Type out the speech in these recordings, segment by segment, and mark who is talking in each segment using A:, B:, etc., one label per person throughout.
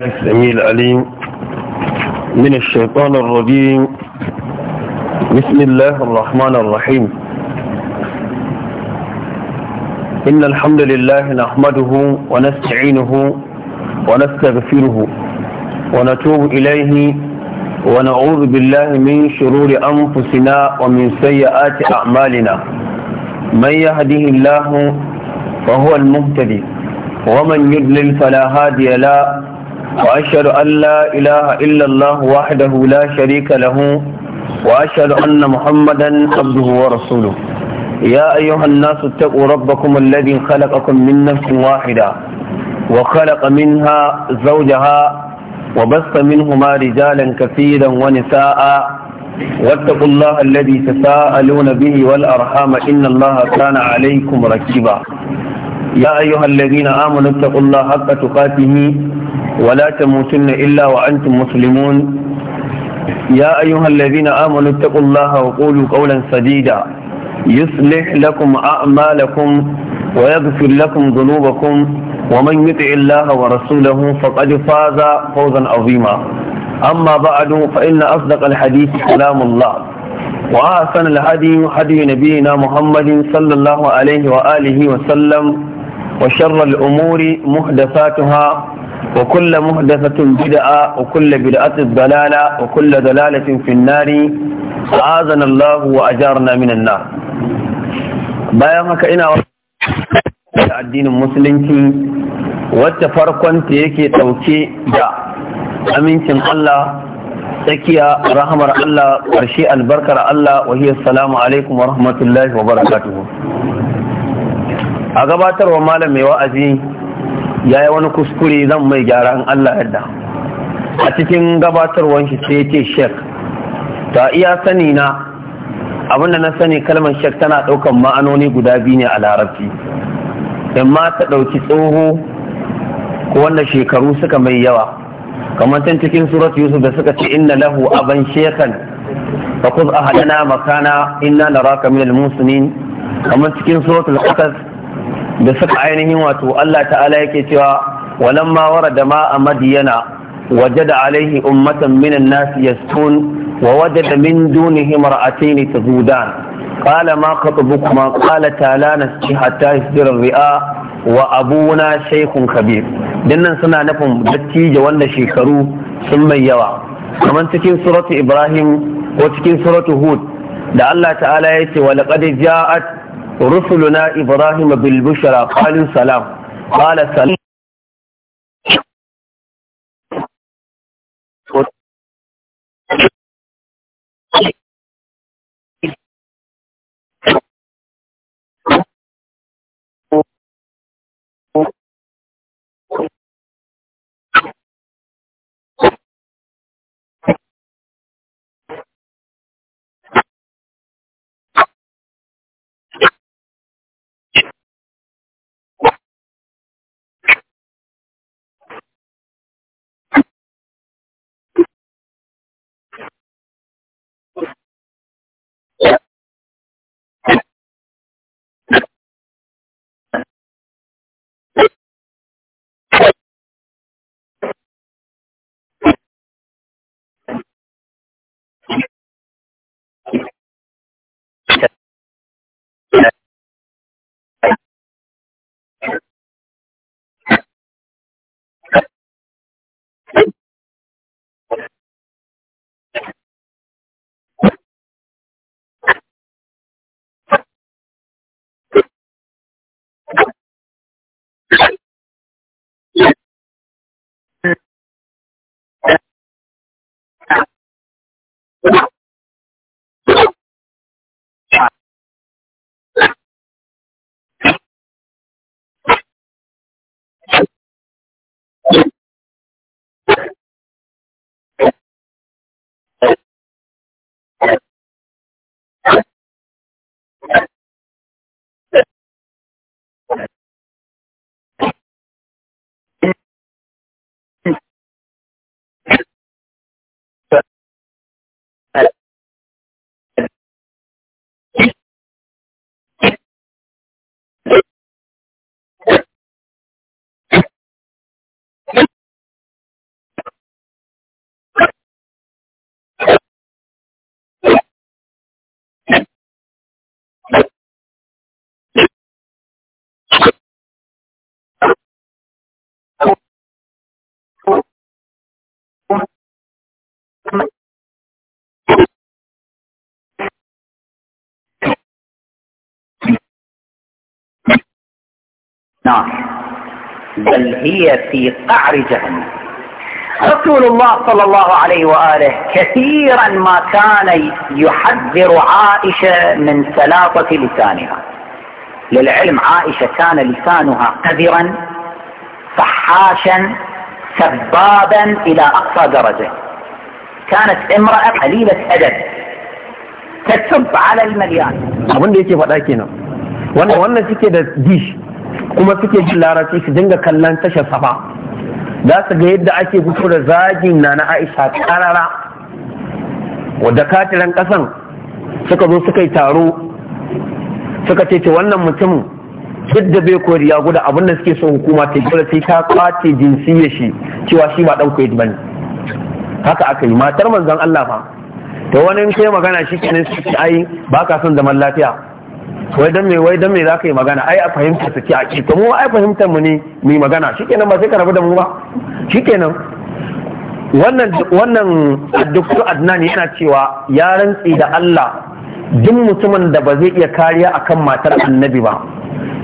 A: السميع العليم من الشيطان الرجيم بسم الله الرحمن الرحيم إن الحمد لله نحمده ونستعينه ونستغفره ونتوب إليه ونعوذ بالله من شرور أنفسنا ومن سيئات أعمالنا من يهده الله فهو المهتدي ومن يضلل فلا هادي له وأشهد أن لا إله إلا الله وحده لا شريك له وأشهد أن محمدا عبده ورسوله يا أيها الناس اتقوا ربكم الذي خلقكم من نفس واحدة وخلق منها زوجها وبث منهما رجالا كثيرا ونساء واتقوا الله الذي تساءلون به والأرحام إن الله كان عليكم ركيبا يا أيها الذين آمنوا اتقوا الله حق تقاته ولا تموتن إلا وأنتم مسلمون يا أيها الذين آمنوا اتقوا الله وقولوا قولا سديدا يصلح لكم أعمالكم ويغفر لكم ذنوبكم ومن يطع الله ورسوله فقد فاز فوزا عظيما أما بعد فإن أصدق الحديث كلام الله وأحسن الهدي هدي نبينا محمد صلى الله عليه وآله وسلم وشر الأمور محدثاتها وكل محدثة بدعة وكل بدعة ضلالة وكل ضلالة في النار azanallahu الله وأجارنا من النار bayan haka ina da addinin musulunci wacce farkon ta yake ɗauke da amincin Allah tsakiya rahamar Allah ƙarshe albarkar Allah wa hiya salamu alaikum wa rahmatullahi wa barakatuhu a gabatarwa malam mai wa'azi ya yi wani kuskure zan mai gyara in Allah yadda a cikin gabatarwan shi sai ce shek ta iya sani na abinda na sani kalmar shek tana ɗaukan ma'anoni guda biyu ne a larabci in ma ta ɗauki tsoho ko wanda shekaru suka mai yawa kamar can cikin surat yusuf da suka ce inna lahu aban shekan fa kuz ahadana makana inna naraka min al-muslimin kamar cikin suratul qasas da suka ainihin wato Allah ta'ala yake cewa walamma da ma yana madiyana da alaihi ummatan minan nasi yastun wa wajada min dunihi ta tazudan kala ma kala qalata la nasqi hatta yasdira ri'a wa abuna shaykhun kabir dinnan suna nufin dattijo wanda shekaru sun mai yawa kamar cikin suratu ibrahim ko cikin suratu hud da Allah ta'ala ya ce wa laqad ja'at rusuluna ibrahim
B: bil bushra qalu salam qala النار بل هي في قعر جهنم
A: رسول الله صلى الله عليه وآله كثيرا ما كان يحذر عائشة من سلاطة لسانها للعلم عائشة كان لسانها قذرا فحاشا سبابا إلى أقصى درجة كانت امرأة قليلة أدب تسب على المليان أظن وأنا وأنا ديش kuma suke jin larabci su dinga kallon tashar safa za su ga yadda ake fito da zagin na na aisha karara wadda katiran kasan suka zo suka yi taro suka ce ce wannan mutumin duk da bai koyar ya guda abin da suke so hukuma ta gura sai ta kwace ya shi cewa shi ba dan koyar bane haka aka yi matar manzon Allah fa to wani kai magana shi kenan su ai ba ka son zaman lafiya wai dan me wai dan me zaka yi magana ai a fahimta su ke a ki to mu ai fahimtar mu ne mu magana shikenan ba sai ka rabu da mu ba shikenan wannan wannan Dr. Adnan yana cewa ya rantsi da Allah duk mutumin da ba zai iya kariya akan matar Annabi ba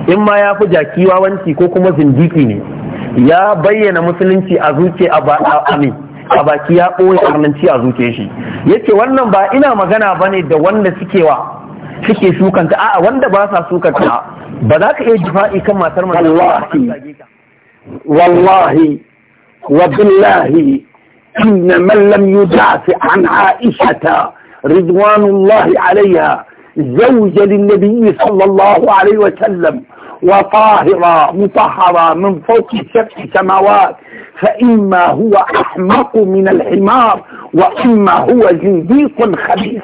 A: in ma ya fi jaki wawanci ko kuma zindiki ne ya bayyana musulunci a zuce a ba a baki ya ɓoye ƙarnanci a zuce shi yace wannan ba ina magana bane da wanda suke wa suke sukanta a'a wanda ba sa sukanta ba za ka iya jifa'i kan matar manzo wallahi wallahi wa billahi inna man lam yudafi an aisha رضوان الله عليها زوجة للنبي صلى الله عليه وسلم وطاهرة مطهرة من فوق سبع سماوات فإما هو أحمق من الحمار وإما هو زنديق خبيث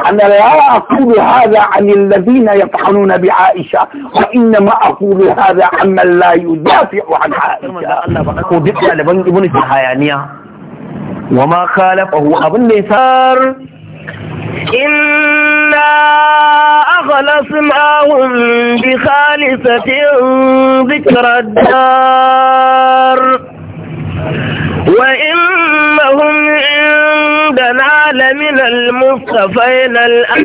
A: أنا لا أقول هذا عن الذين يطعنون بعائشة وإنما أقول هذا من لا يدافع عن عائشة وما خالفه أبن نسار
C: إنا أخلصناهم بخالصة ذكر الدار
B: وإنهم عندنا العالمين المصطفين الأ...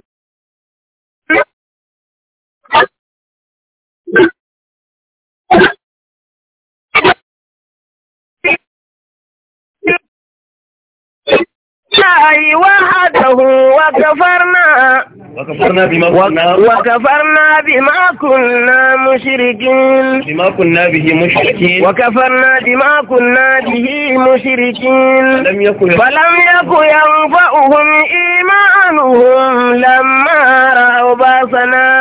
B: الله وحده وكفرنا
C: وكفرنا بما كنا وكفرنا بما كنا مشركين بما كنا به مشركين وكفرنا بما كنا به مشركين فلم يكن فلم يكن ينفعهم إيمانهم لما رأوا بأسنا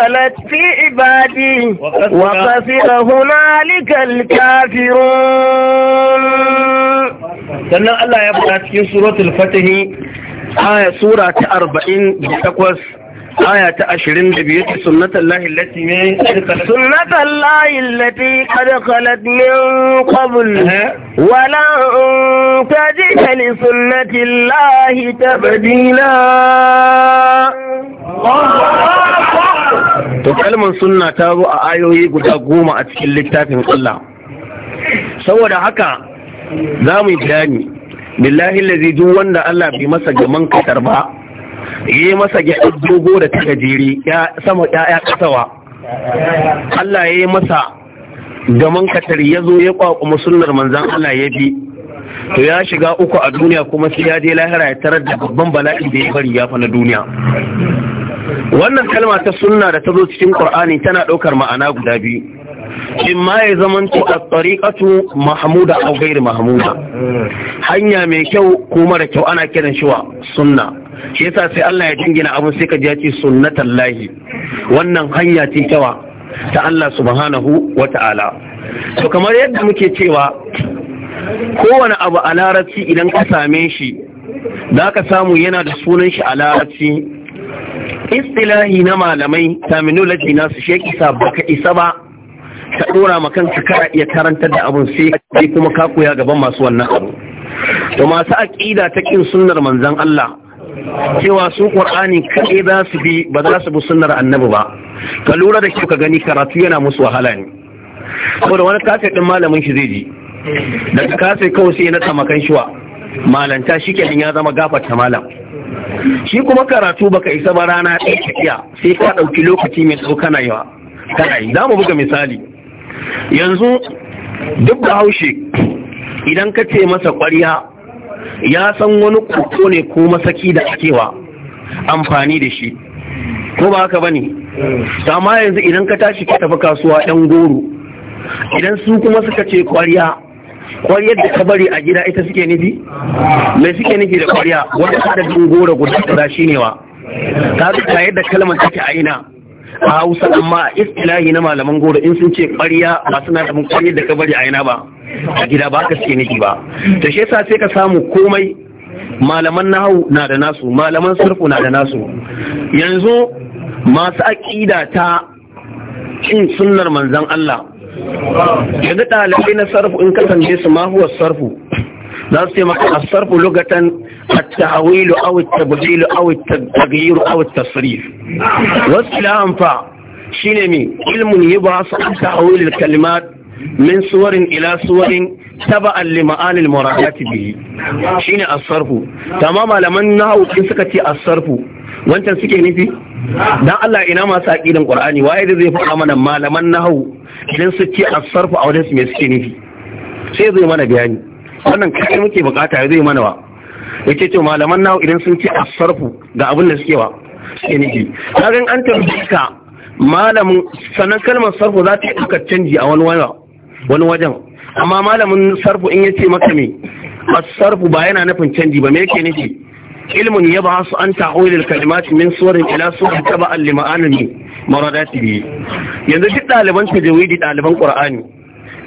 C: دخلت في عبادي وخسر هنالك
A: الكافرون سنة الله يبقى في سورة الفتح آية سورة أربعين ta آية أشرين بيت سنة الله التي من سنة الله التي قد
C: خلت من قبل ولا تجد لسنة الله تبديلا الله
A: to kalmar sunna ta zo a ayoyi guda goma a cikin littafin Allah saboda haka za mu yi bayani billahi lazi duk wanda Allah bai masa gaman kasar ba yi masa ga dogo da ta gajeri ya sama ya kasawa Allah ya yi masa gaman kasar ya zo ya kwakwa sunnar manzan Allah ya bi to ya shiga uku a duniya kuma sai ya je lahira ya tarar da babban bala'i da ya bari ya fa na duniya wannan kalma ta sunna da ta zo cikin qur'ani tana ɗaukar ma'ana guda biyu in ma ya zama a tsariƙatu mahmuda a gairi mahmuda hanya mai kyau ko mara kyau ana kiran shi wa sunna shi yasa sai Allah ya dingina abin sai ka ji ya ce sunnatan wannan hanya ce kyawa ta Allah subhanahu wa ta'ala to kamar yadda muke cewa kowane abu a larabci idan ka same shi za ka samu yana da sunan shi a larabci istilahi na malamai terminology na su shi isa baka isa ba ka dora ma kanka kana iya karantar da abun sai kai kuma ka koya gaban masu wannan abu to masu aqida ta kin sunnar manzon Allah cewa su qur'ani kai za su bi ba za su bi sunnar annabi ba ka lura da shi ka gani karatu yana musu wahala ne saboda wani kafe din malamin shi zai ji daga kafe kawai sai na tsamakan wa malanta shi kenan ya zama ta malam shi kuma karatu baka isa ba rana ɗaya tafiya sai ka ɗauki lokaci mai tsawo kana yawa kana yi za mu buga misali yanzu duk da haushe idan ka ce masa ƙwarya ya san wani koko ne ko masaki da akewa amfani da shi ko ba haka bane amma yanzu idan ka tashi ka tafi kasuwa ɗan goro idan su kuma suka ce ƙwarya kwariyar da ka bari a gida ita suke nufi mai suke nufi da kwariya wani adadin goro guda za shine wa ta zuka yadda kalmar take a ina a hausa amma istilahi na malaman goro in sun ce kwariya ba suna da kwariyar da ka bari a ina ba a gida ba ka suke nufi ba ta shi yasa sai ka samu komai malaman nahu na da nasu malaman sarfu na da nasu yanzu masu aƙida ta cin sunnar manzon Allah yanzu ɗalibai na sarfu in kasance su ma huwa sarfu za su taimaka a sarfu lugatan a ta'awilu aw tabdilu aw taghyiru aw tasrif wasu ilahan fa shi shine mi ilmun yubasu an ta'awil kalimat min suwarin ila suwarin taba'an li ma'anil muradati bihi ne a sarfu tamam malaman nahwu suka ce a sarfu wancan suke nufi dan Allah ina masu aqidan Qur'ani waye da zai faɗa mana malaman nahwu idan su ce as-sarfu a wajen su me suke nufi sai zai mana bayani wannan kai muke bukata zai mana wa yake ce malaman nahwu idan sun ce asarfu sarfu ga abin da suke wa suke nufi kagan an tambayeka malamin sanan kalmar sarfu za ta yi ɗaukar canji a wani wani wajen amma malamin sarfu in ya ce maka me asarfu sarfu ba yana nufin canji ba me yake nufi علم يبحث عن تحويل الكلمات من صور إلى صور تبعا لمعاني مراداته yanzu duk ɗaliban tajawidi ɗaliban ƙur'ani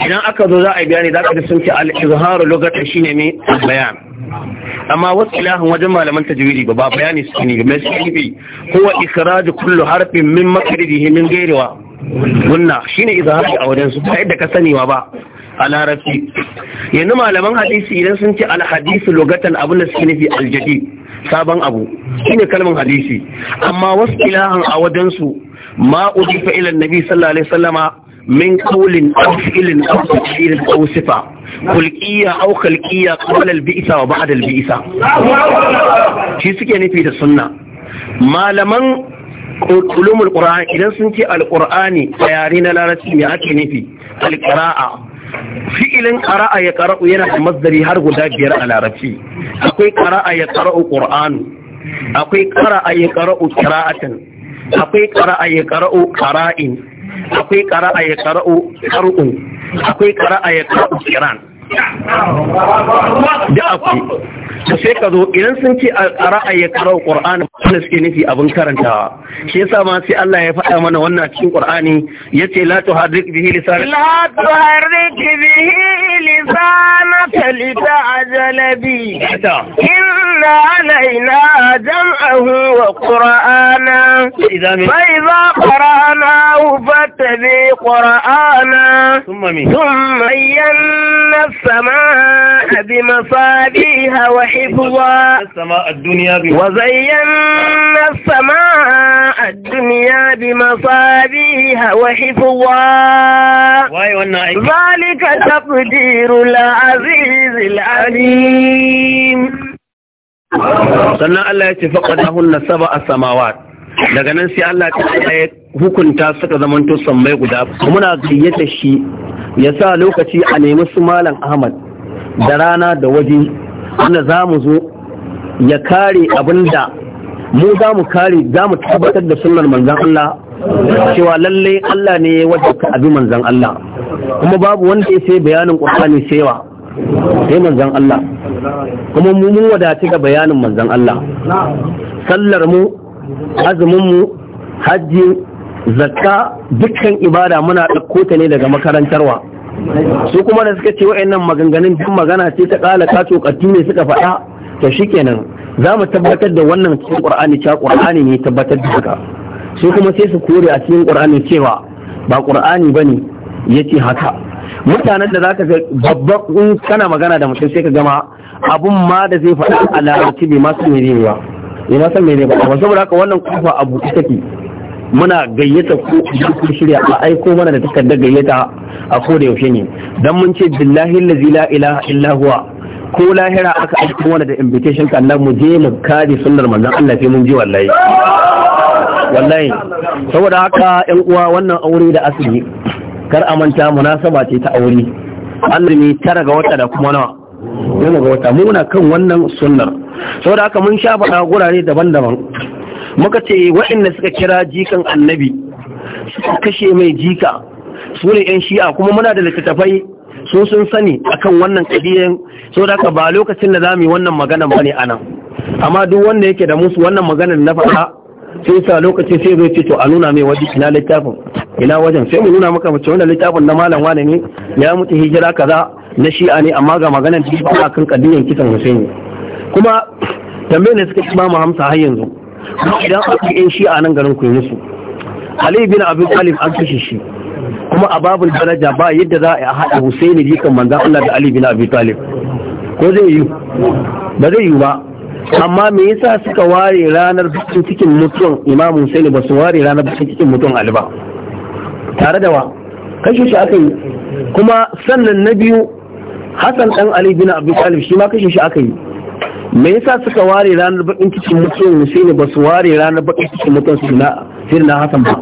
A: idan aka zo za a bayani za ka sun ce al-izharu lugata shine ne bayan amma wasu ilahin wajen malaman tajawidi ba ba bayani su ne mai shi huwa ikhraj kullu harfin min makridihi min gairewa, gunna shine izhari a wajen su ba yadda ka saniwa ba a larabci yanzu malaman hadisi idan sun ce alhadisu lugatan abin da suke nufi aljadi sabon abu ne kalmar hadisi amma wasu ilahan a wajensu su, uji fa ilan nabi sallallahu alaihi wasallama min qawlin aw fi'lin aw tashkilin aw sifa kulqiya aw khalqiya qabla al-bi'sa wa ba'da shi suke nufi da sunna malaman ulumul qur'an idan sun ce al-qur'ani a yare na larabci me ake nufi al-qira'a fi'ilin ƙara'a ya ƙara'u yana da mazdari har guda biyar a larabci akwai ƙara'a ya ƙara'u ƙura'anu akwai ƙara'a ya ƙara'u qira'atan akwai ƙara'a ya ƙara'u ƙara'in. akwai ƙara'a ya ƙara'u qar'un akwai ƙara'a ya ƙara'u qiran da akwai da sai ka zo idan sun ce a ra'ayi karau qur'ani wanda suke nufi abin karantawa shi yasa ma sai Allah ya faɗa mana wannan cikin qur'ani yace la tuharrik bihi lisan la
C: tuharrik bihi lisanaka in علينا جمعه وقرآنا فإذا قرأناه فاتبع قرآنا ثم ثم زينا السماء بمصابيها وحفظا
A: وزينا
C: السماء الدنيا بمصابيها وحفظا ذلك تقدير العزيز العليم
A: sannan Allah ya ce na sab'a a samawa daga nan sai Allah ya hukunta suka zamanto sammai guda muna gayyata shi ya sa lokaci a nemi su malam Ahmad da rana da waje wanda za mu zo ya kare abin da. mu za mu kare za mu tabbatar da sunnar manzan Allah cewa lallai Allah ne ya wajabta abin manzan Allah kuma babu wanda ya sai bayanin ƙwarfani sai sai manzan Allah kuma mu mun wadace ga bayanin manzan Allah sallar mu azumin mu hajji zakka dukkan ibada muna ɗauko ta ne daga makarantarwa su kuma da suka ce wa'annan maganganun duk magana ce ta kala kato ƙatti ne suka faɗa to shikenan za mu tabbatar da wannan cikin ƙur'ani cewa qur'ani ne tabbatar da haka su kuma sai su kore a cikin ƙur'ani cewa ba ƙur'ani bane yace haka mutanen da zaka ga babban in kana magana da mutum sai ka gama abun ma da zai faɗa a larabci masu mene ba bai ma san mene ba saboda haka wannan kofa a buɗe take muna gayyata ko idan ku shirya a aiko mana da takardar gayyata a ko da yaushe ne dan mun ce billahi allazi la ilaha illa huwa ko lahira aka aiko mana da invitation kan nan mu je mu kaji sunnar manzon Allah sai mun ji wallahi
B: wallahi saboda
A: haka yan uwa wannan aure da asiri kar a manta munasaba ce ta aure azumi tara ga wata da kuma nawa yana ga wata muna kan wannan sunnar saboda haka mun sha faɗa gurare daban-daban muka ce waɗanda suka kira jikan annabi suka kashe mai jika su ne 'yan shi'a kuma muna da littattafai su sun sani akan wannan kabilan saboda haka ba lokacin da za mu yi wannan magana ba ne a nan amma duk wanda yake da musu wannan maganar na faɗa sai sa lokaci sai zai ce to a nuna mai waje ina littafin ina wajen sai mu nuna maka mace wannan littafin na malam wane ne ya mutu hijira kaza na shi'a ne amma ga maganar da ba a kan kadiyan kisan Husaini kuma tambayar da suka ci ba mu hamsa har yanzu idan aka yi shi'a nan garin ku musu Ali bin Abi Talib an kashe shi kuma a babul daraja ba yadda za a haɗa Husaini jikan manzon Allah da Ali bin Abi Talib ko zai yi ba zai yi ba amma me yasa suka ware ranar bikin cikin mutum Imam Husaini ba su ware ranar bikin cikin mutum Ali ba tare da wa kashe shi aka yi kuma sannan na biyu hassan dan ali bin abu talib shi ma kashe shi aka yi me yasa suka ware ranar bakin cikin mutum ne ba su ware ranar bakin cikin mutum su na na
B: hassan ba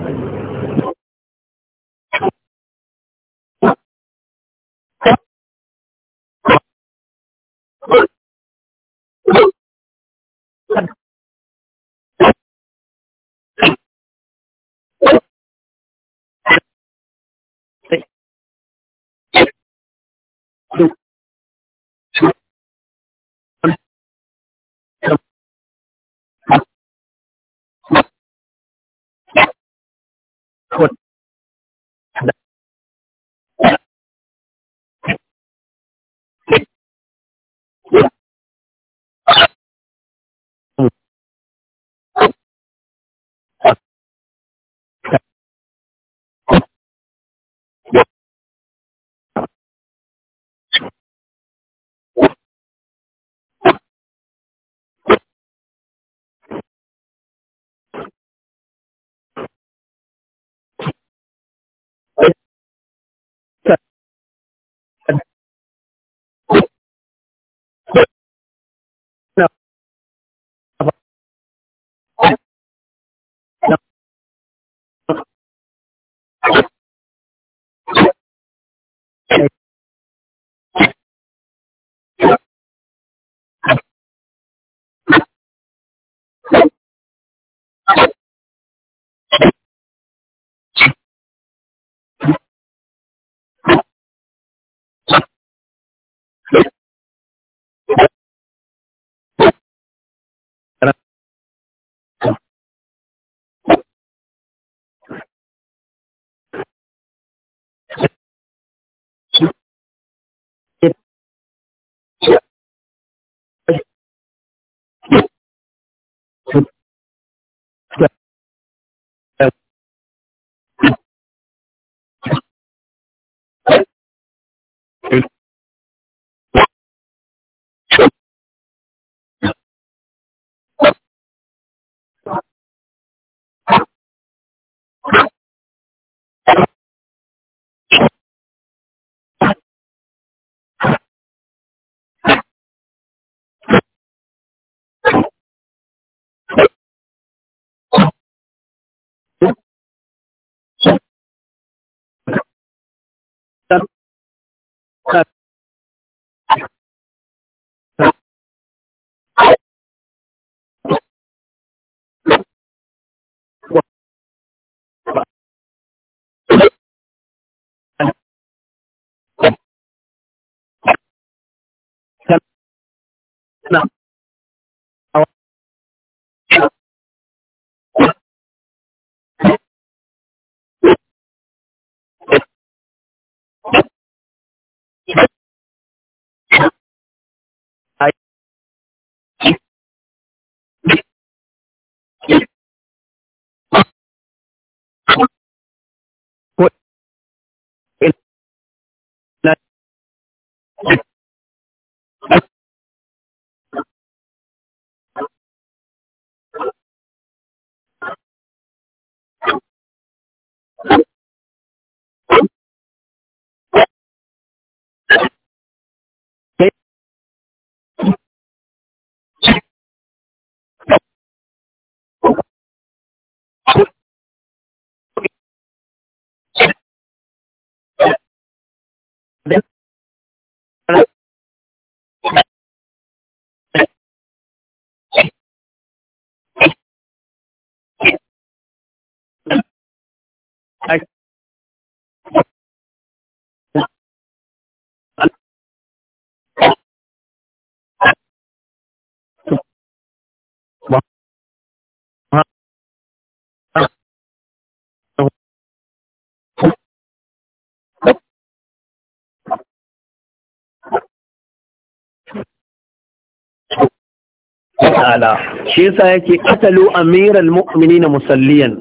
B: ta'ala shi yasa yake qatalu amiral mu'minina musalliyan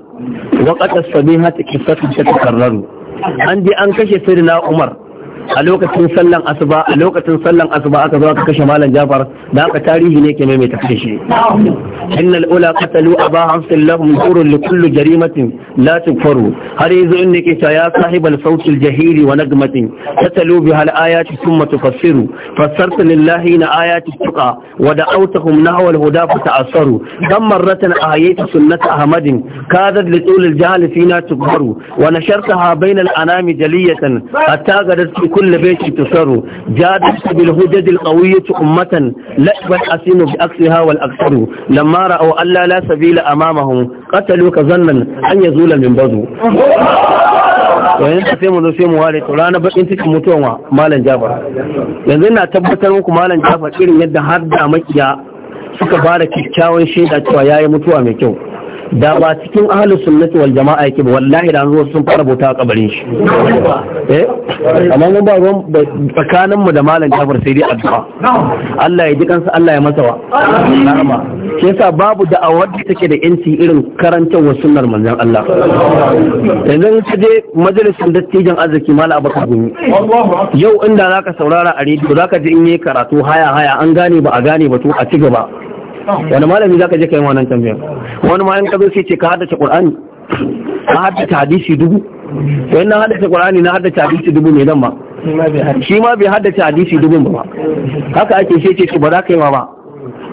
A: wa qatas sabihati ta tatakarraru an je an kashe sirna umar a lokacin sallan asuba a lokacin sallan asuba aka zo aka kashe malam Jafar da aka tarihi ne ke maimaita mai shi innal ula qatalu aba hamsin lahum zurun li kulli jarimatin la tukfaru har yanzu in ne ke ta ya sahibal sautil jahiri wa nagmatin qatalu bi hal ayati thumma tufassiru fassarta lillahi na ayati tuqa wa da'awtahum nahwa al huda fa ta'assaru kam marratan ahayta sunnat ahmadin kadat li tul al jahl fina tukfaru wa nashartaha bayna al anami jaliyatan hatta gadat كل بيت تسر جادت بالهجد القوية أمة لعب الأسين بأكسها والأكثر لما رأوا ألا لا سبيل أمامهم قتلوا كظنا أن يزول min بذو Wayan sai mu zo sai mu ware to ranar bakin cikin mutuwa malam jafar yanzu na tabbatar muku malam jafar irin yadda har da makiya suka ba da kyakkyawan shaida cewa yayi mutuwa mai kyau da ba cikin ahalin sunnati wal jama'a yake ba wallahi da zuwa sun fara bauta a kabarin shi eh amma mun ba ruwan tsakanin mu da malam Jafar sai dai addu'a Allah ya ji kansa Allah ya masa wa na'ama shi yasa babu da da take da yanci irin karantar wa sunnar manzon Allah yanzu ka je majalisin dattijan arziki malam Abubakar Gumi yau inda zaka saurara a rediyo zaka ji in yi karatu haya haya an gane ba a gane ba to a ci gaba wani malami zaka je kai wannan tambayar wani malami ka zo sai ce ka haddace qur'ani ka haddace hadisi dubu to na haddace qur'ani na haddace hadisi dubu ne nan ba shi ma bai haddace hadisi dubu ba haka ake shi ce ba za ka yi ma ba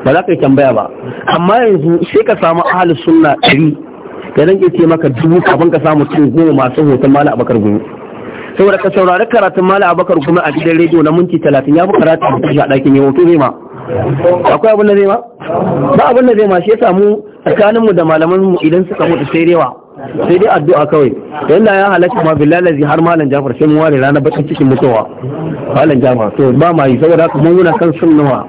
A: ba za ka yi tambaya ba amma yanzu sai ka samu ahli sunna ɗari da zan iya ce maka dubu kafin ka samu tun goma masu hoton mala abakar gumi saboda ka saurari karatun mala abakar gumi a gidan rediyo na minti talatin ya fi karatun da shi a ɗakin yawon to akwai abin da zai ma ba abin da zai ma shi ya samu tsakaninmu da malaman mu idan suka mutu sai rewa sai dai addu'a kawai dan ya halatta ma billahi lazi har malam Jafar sai mun ware ranar bakin cikin mutuwa malam Jafar to ba ma yi saboda haka mun muna kan nawa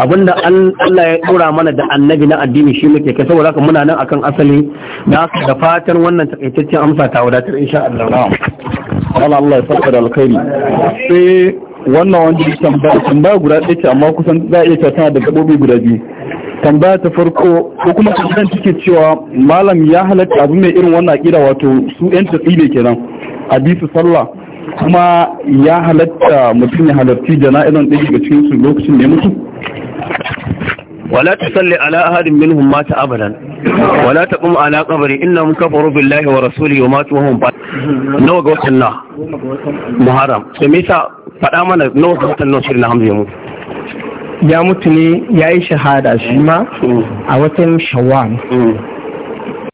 A: abinda Allah ya dora mana da annabi na addini shi muke kai saboda haka muna nan akan asali da da fatan wannan takaitaccen amsa ta wadatar insha Allah Allah ya da alkhairi sai wannan wanda ya tambaya tambaya guda ɗaya ce amma kusan za a iya ta tana da gaɓoɓi guda biyu tambaya ta farko ko kuma kusan take cewa malam ya halatta abu mai irin wannan aƙida wato su yan tafi ne kenan a bisu sallah kuma ya halatta mutum ya halarci jana'izan ɗaya daga cikin su lokacin ala ahadin minhum mata abadan wala ta Kuma ala Kabari ولا تقوم على قبري إنهم wa بالله ورسوله ba وهم بعد نوع na الله محرم سميسا faɗa mana nawa watan nawa shirin hamza ya mutu ya mutu ne ya yi shahada shi ma mm. a watan shawwal mm.